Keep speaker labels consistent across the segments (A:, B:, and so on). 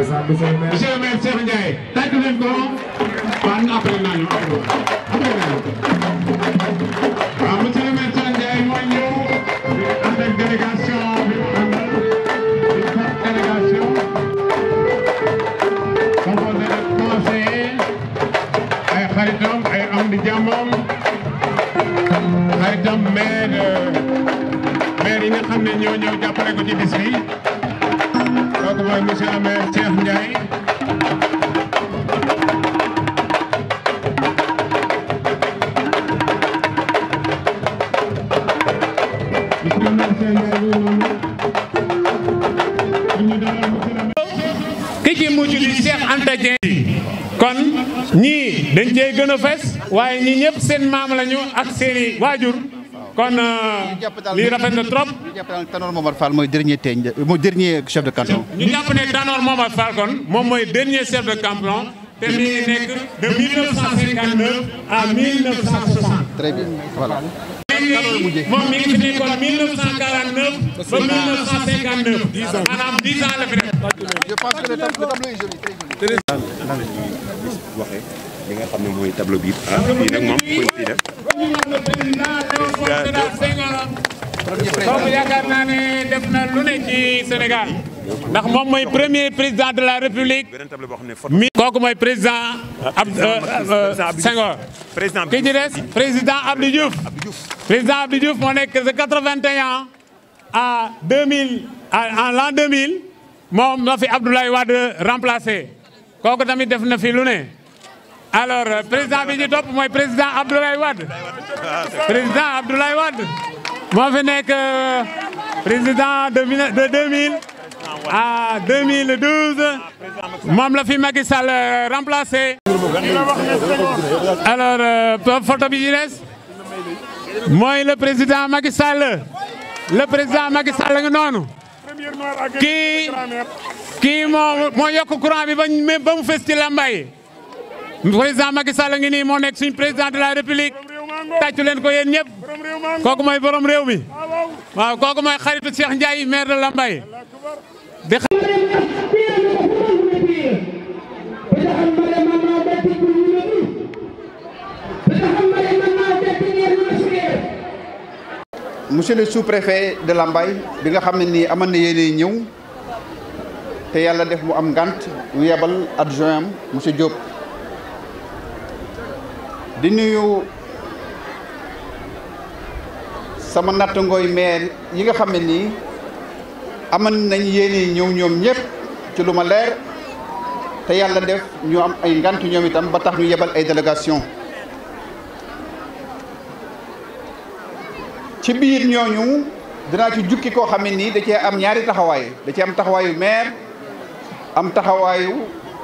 A: monsieur le maire Cheikh Ndiaye tàgg leen ko waaw ñu après naa ñu après waaw ah, monsieur le maire Cheikh Ndiaye mooy ñëw ànd ak délégation bi mu àndal di fàttali délégation composé de conseillers ay xaritam ay am di euh, yi nga ne ñoo ñëw jàppale ko ci bis bi kooku mooy monsieur le maire Cheikh Ndiaye ki ci mujj di Cheikh Anta Dieng kon ñii dañ cey gën a fes waaye ñi ñëpp seen maam lañu ak
B: seeni waajur kon euh, li rafet na trop ñu jàpp ne Tanor Momar Fall mooy dernier teeñ mooy dernier chef de canton. ñu jàpp ne Tanor Momar Fall kon moom mooy dernier chef de
A: canton te mi ngi nekk de 1959 à
B: 1960. très bien voilà.
A: moom mi ngi fi nekkoon 1949 ba 1959. 10 ans maanaam 10 ans la fi nekk. je pense que le tableau est joli très joli.
B: waxee li nga xam ne mooy tableau bi ah fii nag moom kuñ ciy
A: def. moom ndax moom mooy premier président de la république mi kooku mooy président ab euh, euh, Senghor ki ci des président Abdou Diouf président Abdou Diouf moo nekk de 81 à 2000 en l'an 2000 moom la fi Abdoulaye Wade remplacé kooku tamit def na fi lu ne alors euh, président bi ñu mooy président Abdoulaye Wade moo fi nekk président de de 2000 à 2012 moom la fi Macky Sall euh, remplacé. alors euh, photo bi ci des mooy le président Macky Sall le président Macky nga noonu kii kii moo moo yokk courant bi ba mu ba mu fës ci Lambaye président Macky Sall ngi nii moo nekk suñ président de la république. tàccu leen ko yéen ñëpp borom réew mi waaw kooku mooy xaritu Cheikh Ndiaye maire de Lambaye di
B: sous-préfet de Lambaye bi nga xam ne nii amoon na yéene ñëw te yàlla def mu am ngant mu yebal adjoint am monsieur Diop di nuyu sama nattangooy maire yi nga xam ne nii aman nañ yéene ñëw ñoom ñëpp ci lu ma leer te yàlla def ñu am ay ngant ñoom itam ba tax ñu yebal ay délégation ci biir ñooñu dinaa ci jukki koo xam ne nii da cee am ñaari taxawaay da cee am taxawaayu maire am taxawaayu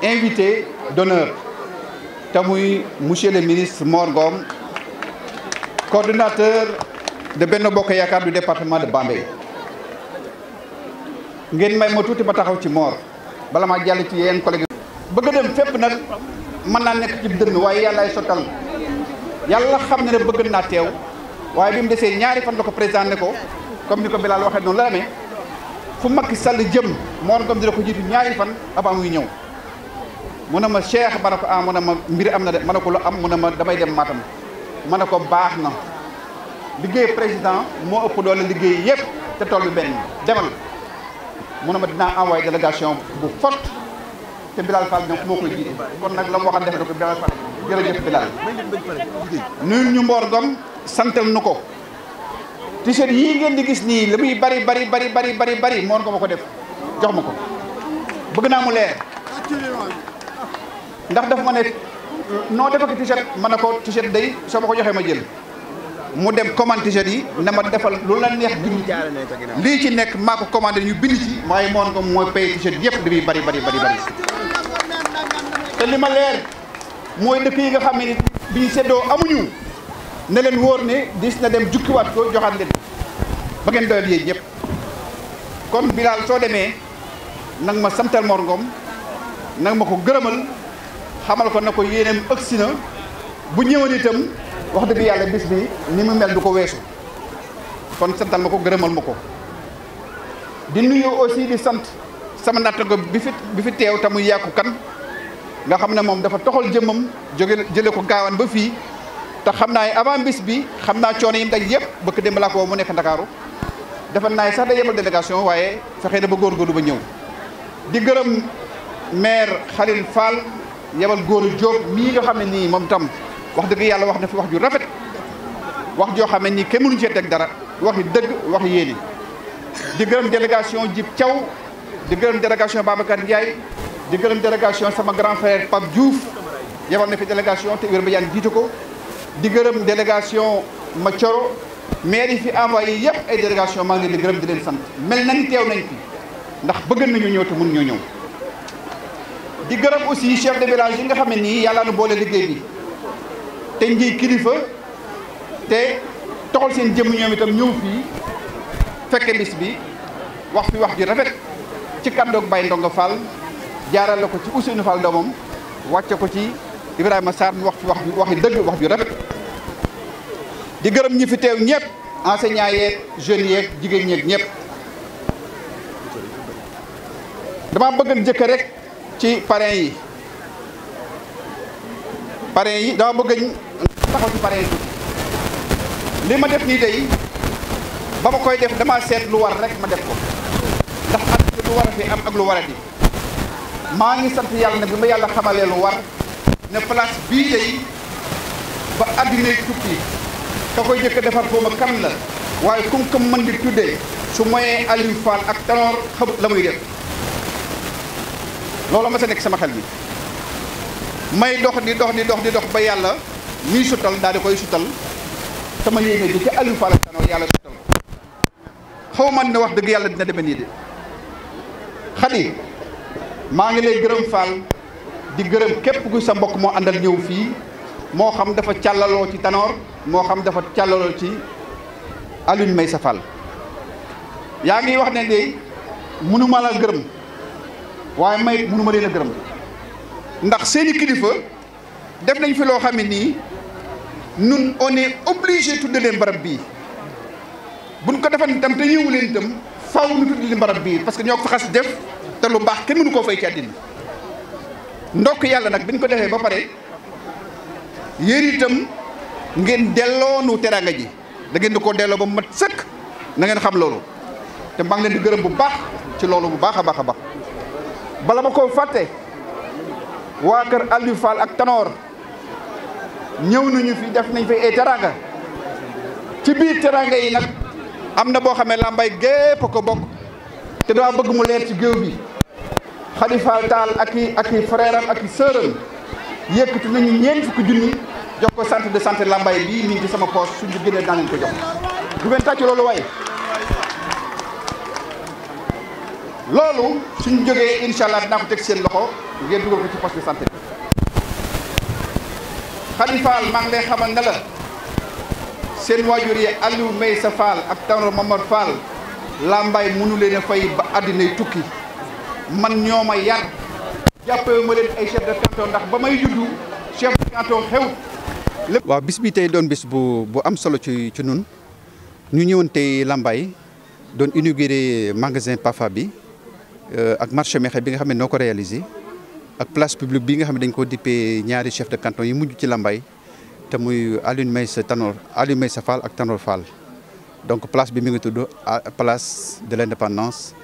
B: invité d'honneur te muy monsieur le ministre Mor Ngom de Benno Bokk Yaakaar du département de Bambey ngeen may ma tuuti ma taxaw ci Mor bala ma jàll ci yeneen collègue bëgg dem fépp nag mën naa nekk ci dënn waaye yàllaay sottal yàlla xam ne ne bëgg naa teew waaye bi mu desee ñaari fan la ko présenté ko comme ni ko Bilal waxee noonu la amee fu Macky Sall jëm Mor Ngom dina ko jiitu ñaari fan avant muy ñëw mu ne ma Cheikh ma ne ko ah mu ne ma mbir am na de ma ne ko lu am mu ne ma damay dem Matam ma ne ko baax na liggéey président moo ëpp doole liggéey yëpp te tool bi benn demal mu ne ma dinaa envoyé délégation bu fort te bi Fall ñoom moo koy jiite kon nag la mu waxoon def na ko Bilal Fall jërëjëf Bilal nuyu ñu Mboor Ngom santal nu ko t-shirt yii ngeen di gis nii li muy bari bari bari bari bari bari Mboor Ngom ma ko def jox ma ko bëgg naa mu leer ndax dafa ma ne noo defako t-shirt ma ko t-shirt day soo ma ko joxee ma jël mu dem commande t yi na ma defal lu la neex bind lii ci nekk maa ko commandé ñu bind ci waaye moon ko mooy pay t-shirt yëpp di muy bari bari bari bari te li ma leer mooy dëkk yi nga xam ne bi ñu seddoo amuñu na leen wóor ne diis na dem jukkiwaat ko joxaat leen ba ngeen doyal yéen ñëpp kon Bilal soo demee nag ma samtal Mor Ngom nag ma ko gërëmal xamal ko na ko yéeneem ëgsi na bu ñëwoon itam wax dëgg yàlla bis bi ni mu mel du ko weesu kon santal ma ko gërëmal ma ko di nuyu aussi di sant sama nattago bi fi bi fi teew tamuy yàqu kan nga xam ne moom dafa toxal jëmmam jóge jële ko gaawan ba fii te xam naa avant bis bi xam naa coono yi mu daj yëpp bëkk démb laa mu nekk ndakaaru dafa naay sax da yebal délégation waaye fexe na ba góor góoru ba ñëw di gërëm maire Khalil Fall yebal góoru Diop mii nga xam nii moom tam wax dëgg yàlla wax na fi wax ju rafet wax joo xam ne nii kenn mënuñu cee teg dara waxi dëgg wax yéene di gërëm délégation Jib Thiaw di gërëm délégation Babacar Ndiaye di gërëm délégation sama grand frère Pape Diouf yebal na fi délégation te wér ba yaan jiite ko di gërëm délégation Mathioro maire yi fi envoyé yëpp ay délégation maa ngi di gërëm di leen sant mel nañ teew nañ fi ndax bëgg nañu ñëw te mën ñoo ñëw di gërëm aussi chef de village yi nga xam ne nii yàlla nu boole liggéey bi te njiy kilifa te toxal seen jëmm ñoom itam ñëw fii fekke bis bi wax fi wax ju rafet ci kàddoog Baye Ndonga Fall jaarale ko ci Ousseynou Fall doomam wàcce ko ci Ibrahima Sarr mu wax fi wax waxi wax ju rafet di gërëm ñi fi teew ñëpp enseignants yeeg jeunes yeeg jigéen ñeeg ñëpp dama bëgg jëkk rek ci parrain yi parrain yi dama bëgg taxaw ci pareetu li ma def nii day ba ma koy def dama seet lu war rekk ma def ko ndax at lu war a fi am ak lu war a di maa ngi sant yàlla ne bi ma yàlla xamalee lu war ne place bii day ba addinay tukki ka koy jëkk defar foofu kan la waaye kum kam mën di tuddee su moyee Aliou Fall ak Tanor xamut la muy def loolu ma sa nekk sama xel bi may di dox di dox di dox ba yàlla mii suttal daal di koy sutal sama yéene ji ci Aliou Fall Tanor yàlla suttal xaw ma ne wax dëgg yàlla dina deme nii de xadi maa ngi lay gërëm Fall di gërëm képp ku sa mbokk moo àndal ñëw fii moo xam dafa càllaloo ci Tanor moo xam dafa càllaloo ci Alioune Meissa Fall yaa ngi wax ne de mënuma la gërëm waaye may mënuma leen a gërëm ndax seeni kilifa def nañ fi loo xam ne nii nun on est obligé tudde leen barab bii buñ ko defan itam te ñëwu leen itam faw nu tudde leen barab bii parce que ñoo ko fa xas def te lu mbaax kenn mënu koo fay ci àddina ndokk yàlla nag biñ ko defee ba pare yéen itam ngeen delloonu teraanga ji da ngeen di ko delloo ba mu mat sëkk na ngeen xam loolu te maa ngi leen di gërëm bu baax ci loolu bu baax a baax a baax bala ma koo fàtte waa kër Aliou Fall ak Tanor ñëw nañu fi def nañ fay ay teranga ci biir teranga yi nag am na boo xamee lambay gépp a ko bokk te dama bëgg mu leer ci géew bi xalifa taal ak i ak i frère am ak i sœur am yëkkati nañu ñeent fukki junni jox ko centre de santé lambay bii mi ngi ci sama poche suñu génnee daa ko jox du ngeen tàcc loolu waaye loolu suñu jógee incha allah dinaa ko teg seen loxo ngeen dugal ko ci poste de santé Xadi Fall maa ngi lay xamal ne la seen waajur yi Aliou Meissa Fall ak Tanor Mamar Fall làmbaay mënu leen a fay ba àddinay tukki man ñoo ma yar jàppee ma leen ay chef de canton ndax ba may juddu chef de canton xew lépp waaw bis bi tey doon bis bu bu am solo ci ci nun ñu ñëwoon tey làmbaay doon inauguré magasin Pafa bi euh, ak marché Mekhe bi nga xam ne noo ko réaliser ak place publique bi nga xam ne dañ koo dippee ñaari chef de canton yi mujj ci Lambaye te muy Alioune Meissa Tanor Alioune Meissa ak Tanor Fall donc place bi mi ngi tudd place de l'indépendance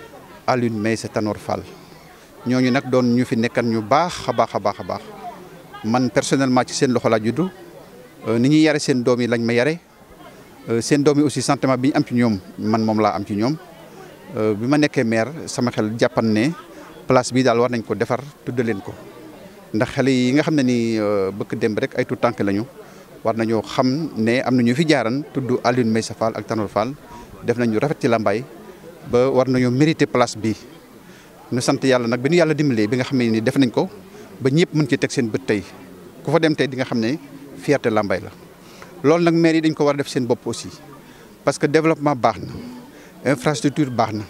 B: Alioune Meissa Tanor Fall ñooñu nag doon ñu fi nekkan ñu baax a baax a baax a baax man personnellement ci seen loxo laa juddu euh, ni ñuy yare seen doom yi lañ ma yare euh, seen doom yi aussi sentiment bi ñu am ci ñoom man moom laa am ci ñoom euh, bi ma nekkee maire sama xel jàppan ne place bi daal war nañ ko defar tudda leen ko ndax xale yi nga xam ne ni euh, bëkk démb rek ay tuut tànk lañu war nañoo xam ne am na ñu fi jaaran tudd Alioune Meyssa Fall ak Tanor Fall def nañu rafet ci làmbaay ba war nañoo mérité place bi ñu sant yàlla nag bi ñu yàlla dimbalee bi nga xam ne ni def nañ ko ba ñëpp mën ci teg seen bët tey ku fa dem tey di nga xam ne fierté làmbaay la loolu nag maire yi dañ ko war a def seen bopp aussi parce que développement baax na infrastructure baax na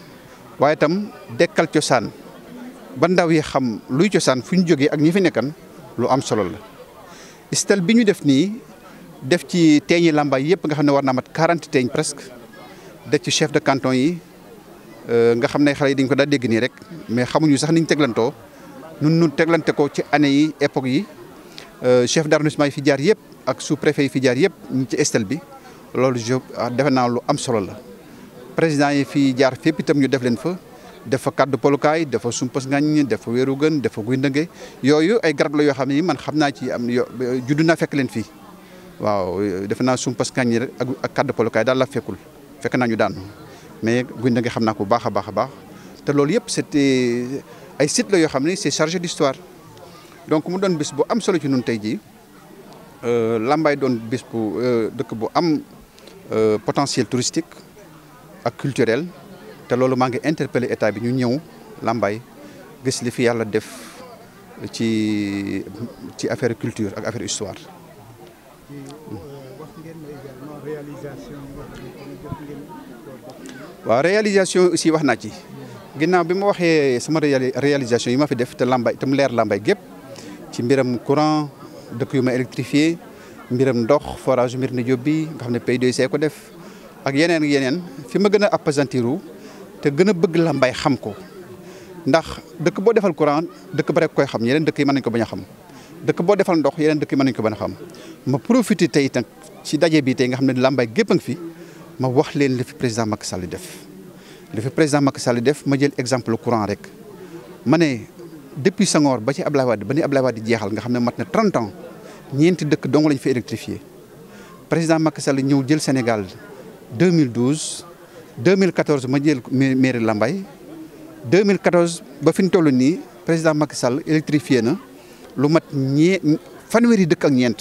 B: waaye itam dekkal cosaan ba ndaw yi xam luy cosaan fu ñu jógee ak ñi fi nekkan lu am solo la stèle bi ñu def nii def ci teeñi làmbaay yëpp nga xam ne war naa mat quarante teeñ presque def ci chef de canton yi euh, nga xam ne xale yi dañ ko daal dégg nii rek mais xamuñu sax niñ teglantoo nun nu teglante ko ci année yi époque yi euh, chef d'arrondissement yi fi jaar yëpp ak sous préfet yi fi jaar yëpp ñu ci stèle bi loolu je ah, defe naa lu am solo la président yi fi jaar fépp tam ñu def leen fa dafa kaddu polukaay dafa sumpas ngañ dafa weeru gën dafa guy ndënge yooyu ay garab la yoo xam ne man xam naa ci am yoo juddu naa fekk leen fii waaw defe naa sumpas ngañ ak ak kaddu polukaay daal la fekkul fekk naa ñu daan mais guy ndënge xam naa ko bu baax a baax a baax te loolu yëpp c'était ay site la yoo xam ne c'est chargé d'histoire donc mu doon bis bu am solo ci nun tey jii euh, Lambaye doon bis bu euh, dëkk bu am euh, potentiel touristique ak culturel te loolu maa ngi interpellé état bi ñu ñëw Lambaye gis lifi yàlla def ci ci affaire culture ak affaire histoire. waaw réalisation aussi wax naa ci ginnaaw bi ma waxee sama réalisation yi ma fi def te Lambaye te mu leer Lambaye gépp ci mbiram courant dëkk yu ma électrifié mbiram ndox forage Mbirne Diop bi nga xam ne PUDC ko def ak yeneen yeneen fi ma gën a appesantiru te gën a bëgg làmbaay xam ko ndax dëkk boo defal courant dëkk ba rek koy xam yeneen dëkk yi mën nañ ko bañ a xam dëkk boo defal ndox yeneen dëkk yi mën nañ ko bañ a xam ma profité tey nag si daje bi tey nga xam ne làmbaay gépp a ngi fi ma wax leen li président Macky salli def li fi président Macky Sall def ma jël exemple courant rek ma ne depuis Senghor ba ci Ablaye Wade ba ni Ablaye Wade jeexal nga xam ne mat na trent ans ñeenti dëkk dong lañ fi électrifié président Macky Sall ñëw jël Sénégal 2014 ma jël mairie Lambaye 2014 ba fi ñu toll nii président Macky Sall électrifié na lu mat ñee fanweeri dëkk ak ñeent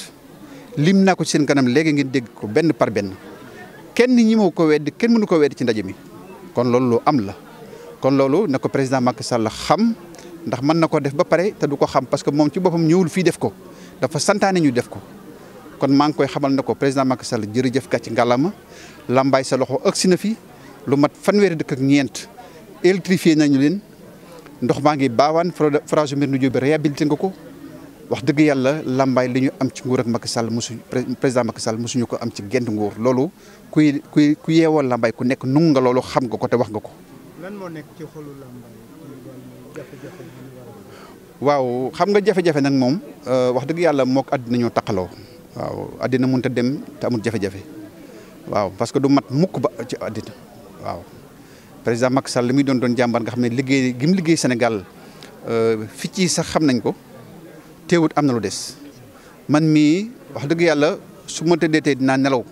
B: lim naa ko seen kanam léegi ngeen dégg ko benn par benn kenn ñi moo ko weddi kenn mënu ko weddi ci ndaje mi kon loolu lu am la kon loolu na ko président Macky Sall xam ndax mën na ko def ba pare te du ko xam parce que moom ci boppam ñëwul fii def ko dafa santaane ñu def ko kon maa ngi koy xamal na ko président Macky Sall jërëjëf gàcc ngàllama Lambaye sa loxo ëgsi na fi lu mat fanweeri dëkk ak ngeent électrifié nañu leen ndox maa ngi baawaan forage Mbirnu Jóob bi réhabilité nga ko wax dëgg yàlla làmbaay li ñu am ci nguur ak Macky Sall mosu président Macky Sall mosuñu ko am ci gént nguur loolu kuy kuy ku yeewoo làmbaay ku nekk nung nga loolu xam nga ko te wax nga ko. lan nekk ci xolu waaw xam nga jafe-jafe nag moom euh, wax dëgg yàlla mook àddina ñoo taqaloo. waaw àddina mënut a dem te amul jafe-jafe waaw parce que du mat mukk ba ci àddina. waaw président Macky Sall li muy doon doon jàmbaar nga xam ne liggéey gi mu liggéey Sénégal euh, fii ci sax xam nañ ko teewut am na lu des man mii wax dëgg yàlla su ma tëddee tey dinaa nelaw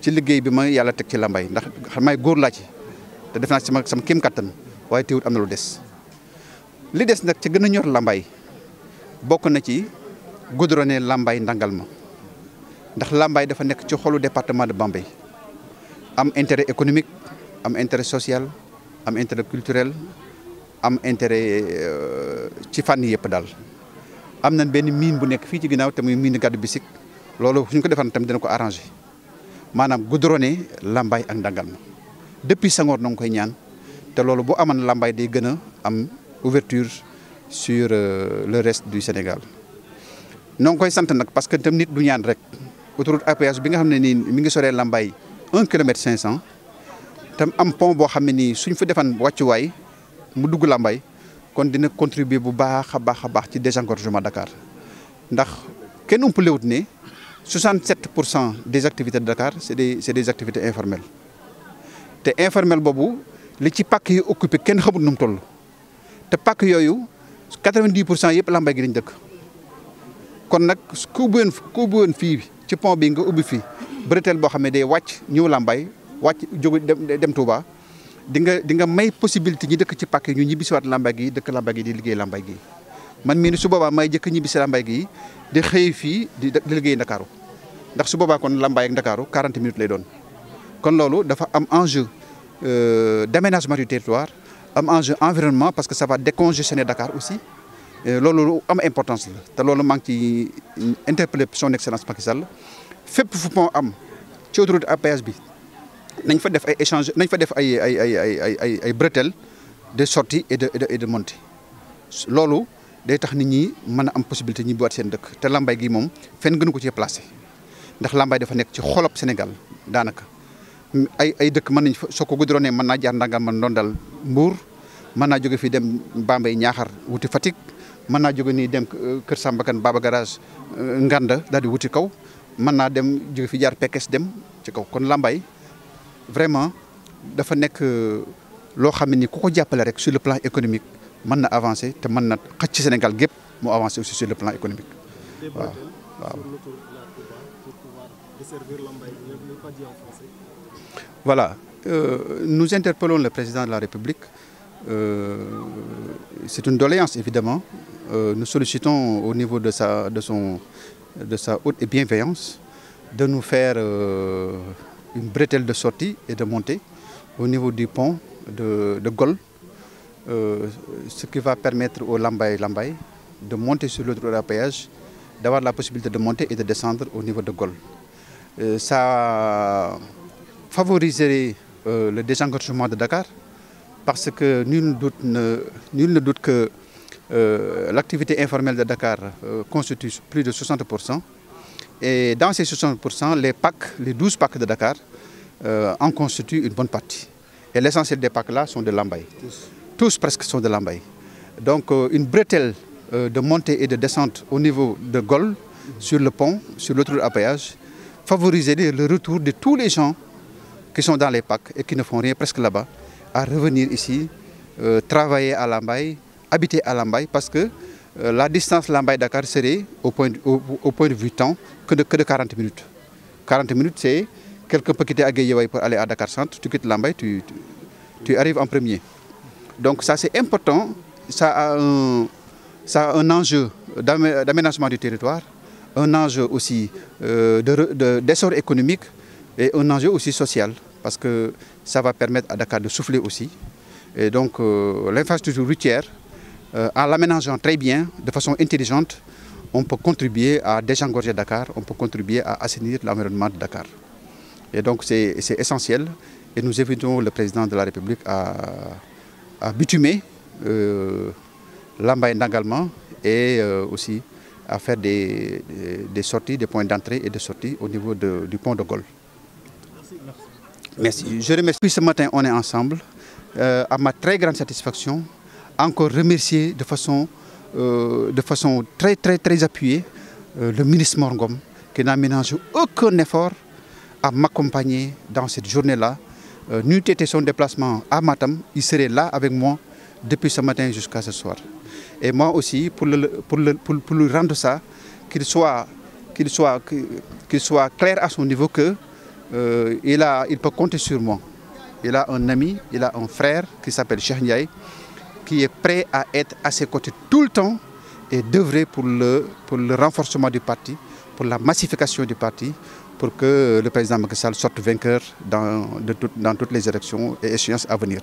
B: ci liggéey bi ma yàlla teg ci lambay ndax xam góor laa ci te def naa ci sama sama kéem kattan waaye teewut am na lu des. li des nag ci gën a ñor lambay bokk na ci goudronné lambay ndangal ma ndax lambay dafa nekk ci xolu département de Bambey am intérêt économique. am intérêt social am intérêt culturel am intérêt euh, ci fànn yëpp daal. am na benn mine bu nekk fii ci ginnaaw te muy mine gàddu bisik loolu ñu ko defar tamit dina ko arrangé maanaam goudronné Lambaye ak Ndangalma depuis Senghor na nga koy ñaan te loolu bu amoon Lambaye day gën a am ouverture sur euh, le reste du Sénégal. noon koy sant nag parce que tam nit du ñaan rek autoroute à péage bi nga xam ne nii mi ngi soree Lambaye un kilomètre cinq cent te am pont boo xam ne nii suñ fa defan wàccuwaay mu dugg Lambaye kon dina contribuer bu baax a baax a baax ci désengorgement Dakar ndax kenn umpalewut ne 67 pour cent des activités de Dakar c'est des c'est des activités informelles te informel boobu li ci pàkk yi occupé kenn xamut nu mu toll te pàkk yooyu 90 pour cent yëpp Lambaye gi lañ dëkk kon nag ku ubbi woon ku fii ci pont bi nga ubbi fii bretelle boo xam ne day wàcc ñëw Lambaye wàcc jógu dem dem Touba di nga di nga may possibilité ñi dëkk ci pack yi ñu ñibbisiwaat làmbaay gi dëkk làmbaay gi di liggéey làmbaay gi man mii ni su boobaa may jëkk ñibbisi làmbaay gi di xëy fii di liggéey Ndakaaru ndax su boobaa kon làmbaay ak Ndakaaru quarante minutes lay doon kon loolu dafa am enjeu euh, d'aménagement du territoire am enjeu environnement parce que ça va décongestionner Dakar aussi loolu lu am importance la te loolu maa ngi ci interpellé son excellence Macky Sall fépp fu pont am ci bi nañ fa def ay échanger nañ fa def ay ay ay ay ay ay bretelles de sortie et de monte loolu day tax nit ñi mën a am possibilité ñu boot seen dëkk te lambay gi moom fenn gënu ko cee placé ndax lambay dafa nekk ci xolop Sénégal daanaka ay ay dëkk mën nañ fa soo ko goudronné mën naa jaar ndàngaam mën doon dal Mbour mën naa jóge fii dem Bambey Ñaaxar wuti Fatick mën naa jóge nii dem euh, Kër Sambakan Baba Garage euh, Nganda daal di wuti kaw mën naa dem jóge fi jaar Pekes dem ci kaw kon lambay vraiment dafa nekk euh, loo xam ne ni ku ko jàppale rek sur le plan économique mën na avancer te man na xëcc Sénégal gépp mu avancer aussi sur le plan économique waaw waaw. Voilà, euh, nous interpellons le président de la République. Euh, c'est une doléance, évidemment. Euh, nous sollicitons au niveau de sa, de, son, de sa haute et bienveillance de nous faire... Euh, une bretelle de sortie et de montée au niveau du pont de, de Gol, euh, ce qui va permettre au lambay lambay de monter sur le droit à péage, d'avoir la possibilité de monter et de descendre au niveau de Gol. Euh, ça favoriserait euh, le désengorgement de Dakar parce que nul ne doute, ne, nul ne doute que euh, l'activité informelle de Dakar euh, constitue plus de 60%. Et dans ces 60%, les packs, les 12 packs de Dakar, euh, en constituent une bonne partie. Et l'essentiel des packs-là sont de Lambaye. Tous. Tous. presque sont de Lambaye. Donc euh, une bretelle euh, de montée et de descente au niveau de Gol, sur le pont, sur l'autre appayage, favoriserait le retour de tous les gens qui sont dans les packs et qui ne font rien presque là-bas, à revenir ici, euh, travailler à Lambaye, habiter à Lambaye, parce que Euh, la distance Lambaye-Dakar serait au point, de vue temps que de, que de 40 minutes. 40 minutes, c'est quelqu'un peut quitter Agueyewaï pour aller à Dakar Centre, tu quittes Lambaye, tu, tu, arrives en premier. Donc ça c'est important, ça a un, ça a un enjeu d'aménagement du territoire, un enjeu aussi euh, d'essor de, de, économique et un enjeu aussi social, parce que ça va permettre à Dakar de souffler aussi. Et donc euh, l'infrastructure routière Euh, en l'aménageant très bien, de façon intelligente, on peut contribuer à désengorger Dakar, on peut contribuer à assainir l'environnement de Dakar. Et donc c'est essentiel et nous évitons le président de la République à, à bitumer euh, l'ambaye et euh, aussi à faire des, des, des sorties, des points d'entrée et de sortie au niveau de, du pont de Gaulle. Merci. Merci. Merci. Je remercie. ce matin, on est ensemble. Euh, à ma très grande satisfaction, encore remercier de façon, euh, de façon très, très, très appuyée euh, le ministre Morgom qui n'a ménagé aucun effort à m'accompagner dans cette journée-là. Euh, N'eût été son déplacement à Matam, il serait là avec moi depuis ce matin jusqu'à ce soir. Et moi aussi, pour, le, pour, le, pour, pour lui rendre ça, qu'il soit, qu'il soit, soit clair à son niveau que euh, il, a, il peut compter sur moi. Il a un ami, il a un frère qui s'appelle Cheikh Ndiaye, qui est prêt à être à ses côtés tout le temps et d'œuvrer pour le, pour le renforcement du parti, pour la massification du parti, pour que le président Macky Sall sorte vainqueur dans, de tout, dans toutes les élections et échéances à venir.